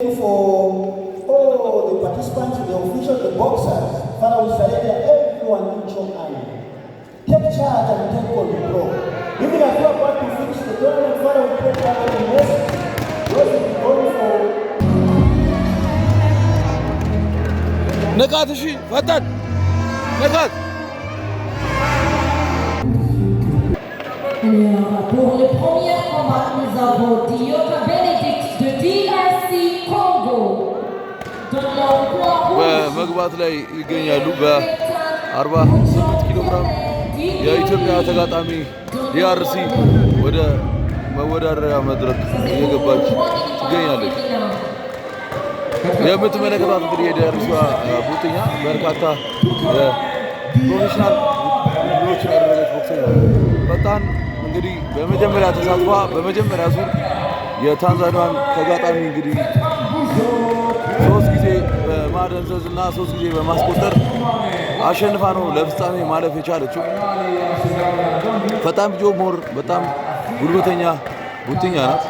for all the participants, the officials, the boxers. Father, we everyone in your hand. Take charge and take control. Even as you are about to finish the tournament, Father, we pray that the mercy goes to glory for. نقاط شيء فدد نقاط pour le premier combat, nous avons Diota Benedict de Dillard. በመግባት ላይ ይገኛሉ። በ48 ኪሎ ግራም የኢትዮጵያ ተጋጣሚ ዲአርሲ ወደ መወዳደሪያ መድረክ እየገባች ትገኛለች። የምትመለከታት እንግዲህ የዲአርሲ ቡጥኛ በርካታ የፕሮፌሽናል ሎች ያደረገች ቦክሰኛ በጣም እንግዲህ በመጀመሪያ ተሳትፏ በመጀመሪያ ዙር የታንዛኒያን ተጋጣሚ እንግዲህ ሶስት ጊዜ እና ሶስት ጊዜ በማስቆጠር አሸንፋ ነው ለፍጻሜ ማለፍ የቻለችው። በጣም ጆ ሞር በጣም ጉልበተኛ ቡትኛ ናት።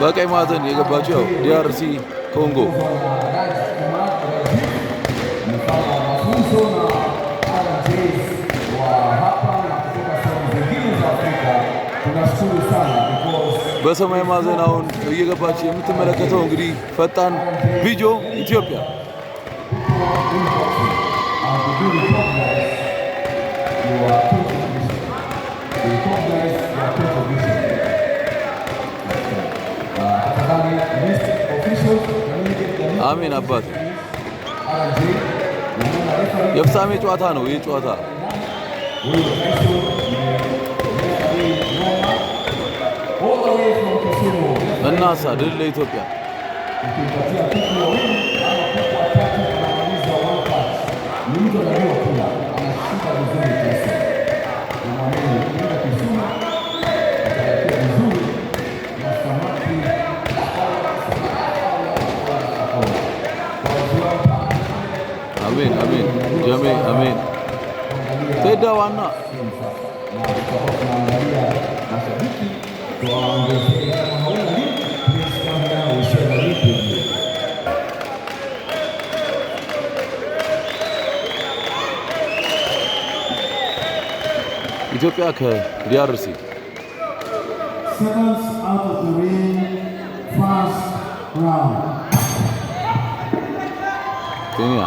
በቀይ ማዕዘን የገባችው ያው ዲአርሲ ኮንጎ በሰማይ ማዕዘን አሁን እየገባች የምትመለከተው እንግዲህ ፈጣን ቪዲዮ ኢትዮጵያ አሜን አባት የፍጻሜ ጨዋታ ነው ይህ ጨዋታ በእናትህ ድል ለኢትዮጵያ። አሜን አሜን ጀሜ አሜን ቴዳ ዋና ኢትዮጵያ ከሪያድ አርሲ ኬንያ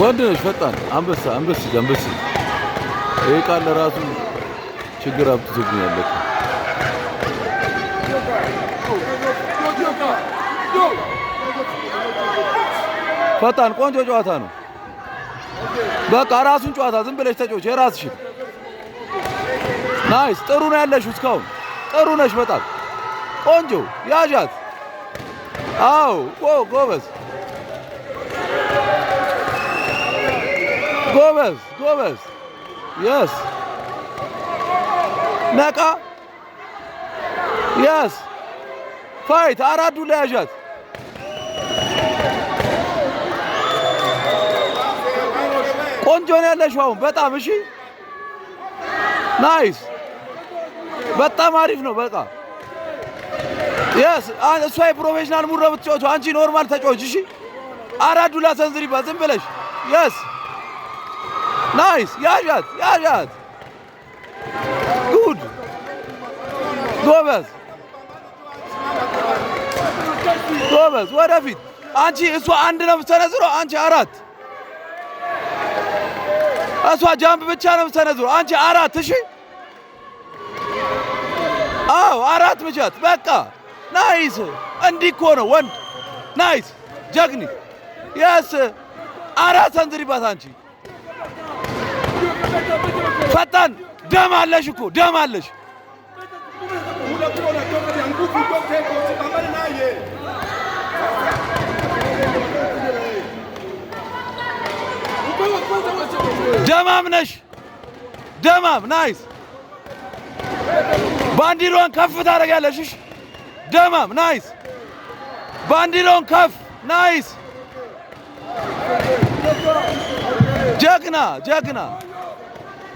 ወንድ ነች፣ ፈጣን አንበሳ አንበስ አንበስ። ይሄ ቃል ለራሱ ችግር አብትቶብኝ ፈጣን ቆንጆ ጨዋታ ነው። በቃ ራሱን ጨዋታ ዝም ብለሽ ተጫወች የራስሽ። ናይስ ጥሩ ነው ያለሽው እስካሁን ጥሩ ነሽ። በጣም ቆንጆ ያዣት። አዎ ጎበዝ ጎበዝ ጎበዝ። የስ ነቃ። የስ ፋይት። አራት ዱላ ያዣት። ቆንጆ ነው ያለሽው አሁን በጣም እሺ። ናይስ። በጣም አሪፍ ነው። በቃ የስ እሷ የፕሮፌሽናል ሙድ ነው ብትጫወቱ፣ አንቺ ኖርማል ተጫወች። እሺ አራት ሰንዝሪባት ዝም ብለሽ የስ ናይስ ያዣት ያዣት ጉድ ጎበዝ ጎበዝ ወደፊት አንቺ እሷ አንድ ነው የምትሰነዝረው አንቺ አራት እሷ ጃምፕ ብቻ ነው የምትሰነዝረው አንቺ አራት እሺ አዎ አራት ምቻት በቃ ናይስ እንዲህ እኮ ነው ወንድ ናይስ ጀግኒ የስ አራት ሰንዝሪባት አንቺ አንቺ ደም አለሽ እኮ ደም አለሽ። ደማም ነሽ ደማም ናይስ። ባንዲራውን ከፍ ታደርጊያለሽ። እሺ ደማም ናይስ። ባንዲራውን ከፍ ናይስ። ጀግና ጀግና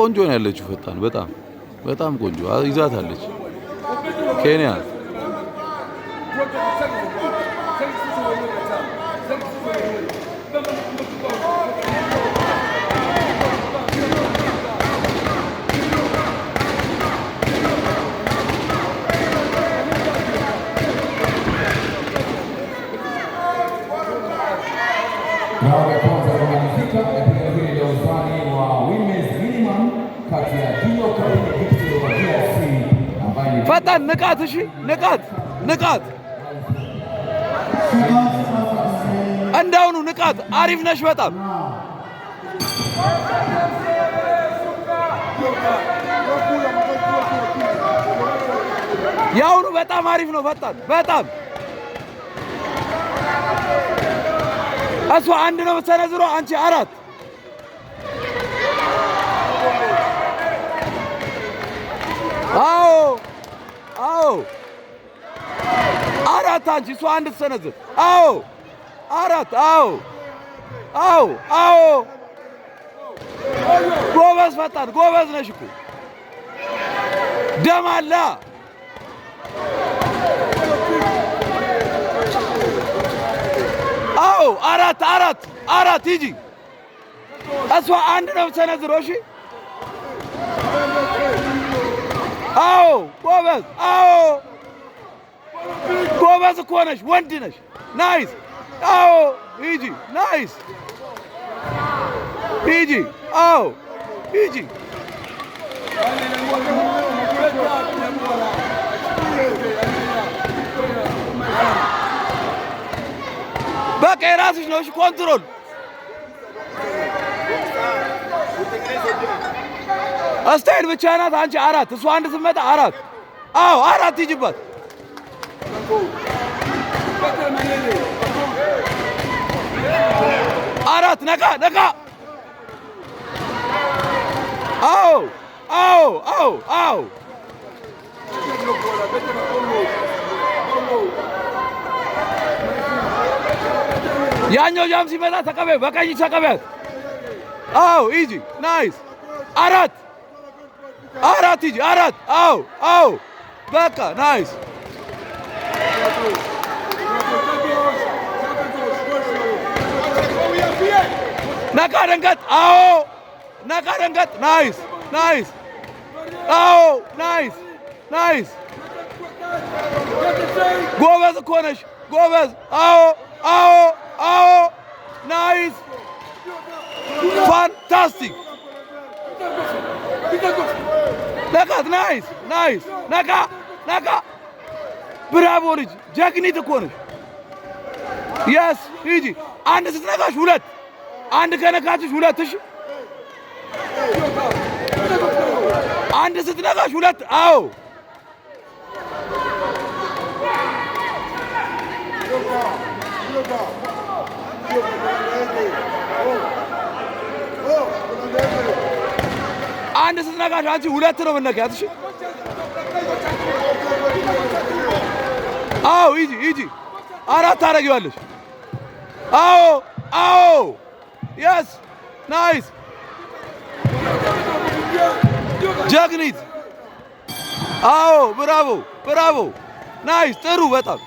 ቆንጆ ነው ያለችው ፈጣን በጣም በጣም ቆንጆ ይዛታለች ኬንያ ንቃት! እሺ ንቃት! ንቃት! እንዳሁኑ ንቃት! አሪፍ ነሽ በጣም የአሁኑ በጣም አሪፍ ነው። ፈጣን በጣም እሷ አንድ ነው ሰነዝሮ አንቺ አራት አዎ አራት አንቺ እሷ አንድ ትሰነዝር። አዎ አራት አዎ አዎ አዎ ጎበዝ፣ ፈጣን ጎበዝ ነሽ እኮ ደም አላ አዎ አራት አራት አራት ሂጂ እሷ አንድ ነው የምትሰነዝረው። እሺ አዎ ጎበዝ፣ አዎ ጎበዝ እኮ ነሽ፣ ወንድ ነሽ። ናይስ፣ አዎ ሂጂ፣ ናይስ፣ ሂጂ፣ አዎ ሂጂ። በቃ የራስሽ ነው። ኮንትሮል አስታይል ብቻ ናት። አንቺ አራት እሱ አንድ ስትመጣ አራት አዎ አራት ይጅባት አራት ነቃ ነቃ አዎ አዎ አዎ አዎ ያኛው ጃም ሲመጣ ተቀበያት፣ በቀኝ ተቀበያት። አዎ ኢዚ ናይስ አራት አራት ሂጂ አራት። አዎ አዎ፣ በቃ ናይስ። ነቃ ደንገጥ። አዎ ነቃ ደንገጥ። ናይስ ናይስ። አዎ ናይስ ናይስ። ጎበዝ እኮ ነሽ ጎበዝ። አዎ አዎ አዎ ናይስ ፋንታስቲክ ለቀት ናይስ ናይስ። ነቃ ነቃ። ብራቦ ልጅ ጀግኒት እኮ ነሽ። የስ ሂጂ። አንድ ስትነካሽ ሁለት፣ አንድ ከነካችሽ ሁለት። እሺ አንድ ስትነካሽ ሁለት። አዎ አንድ ስትነጋሽ አንቺ ሁለት ነው የምነካት። እሺ አዎ፣ ሂጂ ሂጂ፣ አራት ታደርጊዋለሽ። አዎ አዎ፣ የስ ናይስ፣ ጀግኒት። አዎ፣ ብራቮ ብራቮ፣ ናይስ፣ ጥሩ በጣም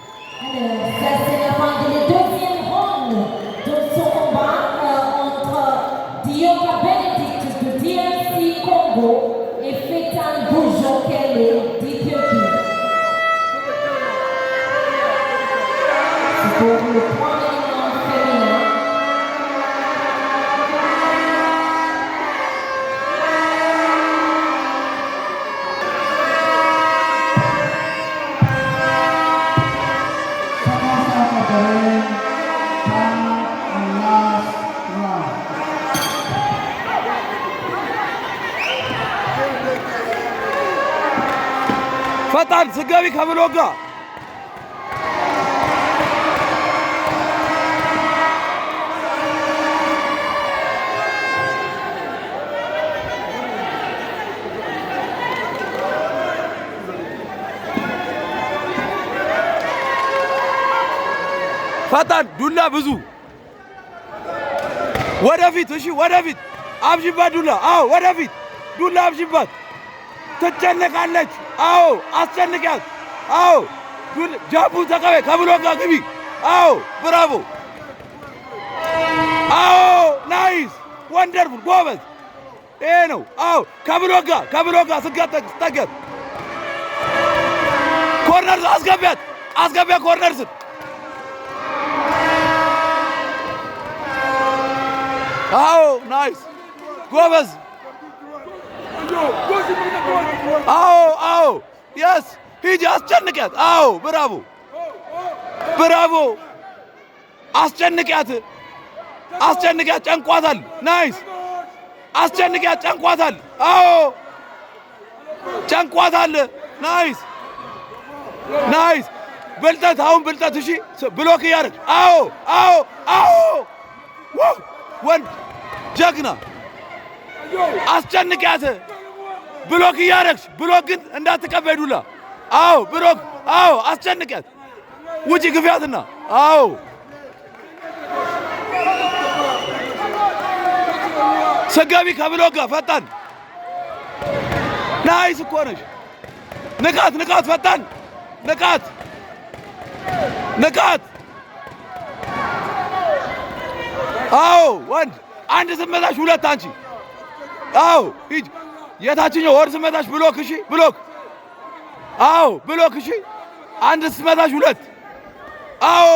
ሆላንድ ስገቢ ከብሎ ጋ ፈጣን ዱላ ብዙ ወደፊት። እሺ ወደፊት አብዥባት ዱላ። አዎ ወደፊት ዱላ አብዥባት። ትጨነቃለች። አዎ አስጨንቂያት። አዎ ጃቡ ተቀበይ ከብሎጋ ግቢ። አዎ ብራቮ! አዎ ናይስ ወንደርፉል ጎበዝ። ይሄ ነው። አዎ ከብሎ ጋ ከብሎ ጋ ስገጠቅ ስጠገብ ኮርነር አስገቢያት፣ አስገቢያ ኮርነር ኮርነርስን አዎ ናይስ ጎበዝ አዎ አዎ፣ የስ ሂጂ፣ አስጨንቂያት። አዎ፣ ብራቮ ብራቮ፣ አስጨንቂያት፣ አስጨንቂያት። ጨንቋታል። ናይስ፣ አስጨንቂያት። ጨንቋታል። አዎ፣ ጨንቋታል። ናይስ፣ ናይስ። ብልጠት፣ አሁን ብልጠት። እሺ፣ ብሎክ እያደረግ አዎ፣ አዎ፣ አዎ። ወንድ ጀግና፣ አስጨንቂያት ብሎክ እያረግሽ ብሎክ ግን እንዳትቀበይ ዱላ። አዎ ብሎክ አዎ፣ አስጨንቀት ውጪ ግፊያትና አዎ ስገቢ ከብሎክ ጋር ፈጣን ናይስ እኮ ነሽ። ንቃት ንቃት፣ ፈጣን ንቃት ንቃት። አዎ ወንድ አንድ ስመታሽ ሁለት አንቺ አዎ ሂጅ የታችኛው ወር ስመታሽ ብሎክ እሺ፣ ብሎክ አዎ፣ ብሎክ እሺ። አንድ ስመታሽ ሁለት። አዎ፣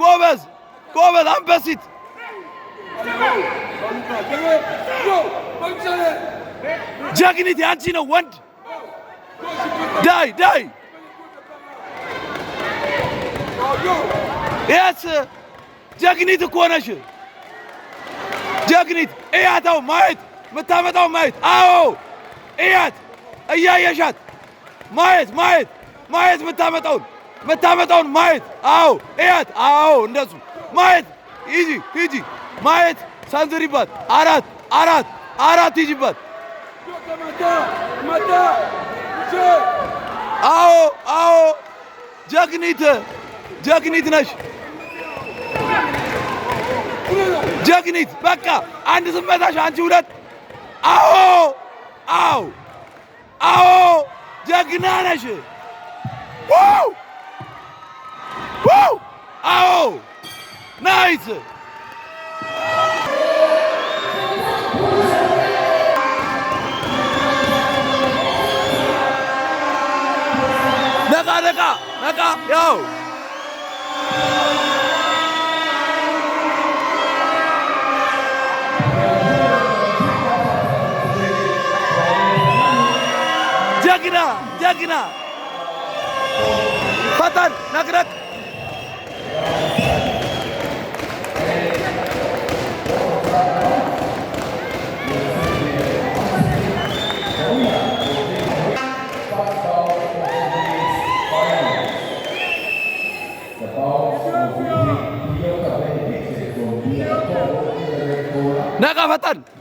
ጎበዝ ጎበዝ፣ አንበሲት ጀግኒት ያንቺ ነው። ወንድ ዳይ ዳይ የስ ጀግኒት እኮ ነሽ። ጀግኒት እያታው ማየት ምታመጣው ማየት አዎ እያት እያየሻት ማየት ማየት ማየት ምታመጣውን የምታመጣውን ማየት። አዎ እያት አዎ እንደሱ ማየት ሂጂ ሂጂ ማየት ሰንዝሪባት። አራት አራት አራት ሂጂባት። አዎ አዎ ጀግኒት ጀግኒት ነሽ ጀግኒት። በቃ አንድ ስመታሽ አንቺ ሁለት አዎ አዎ አዎ ጀግና ነሽ። አዎ ናይስ ነቃ ነቃ ነቃ ያው jagina jagina patan nagrak Naga batan.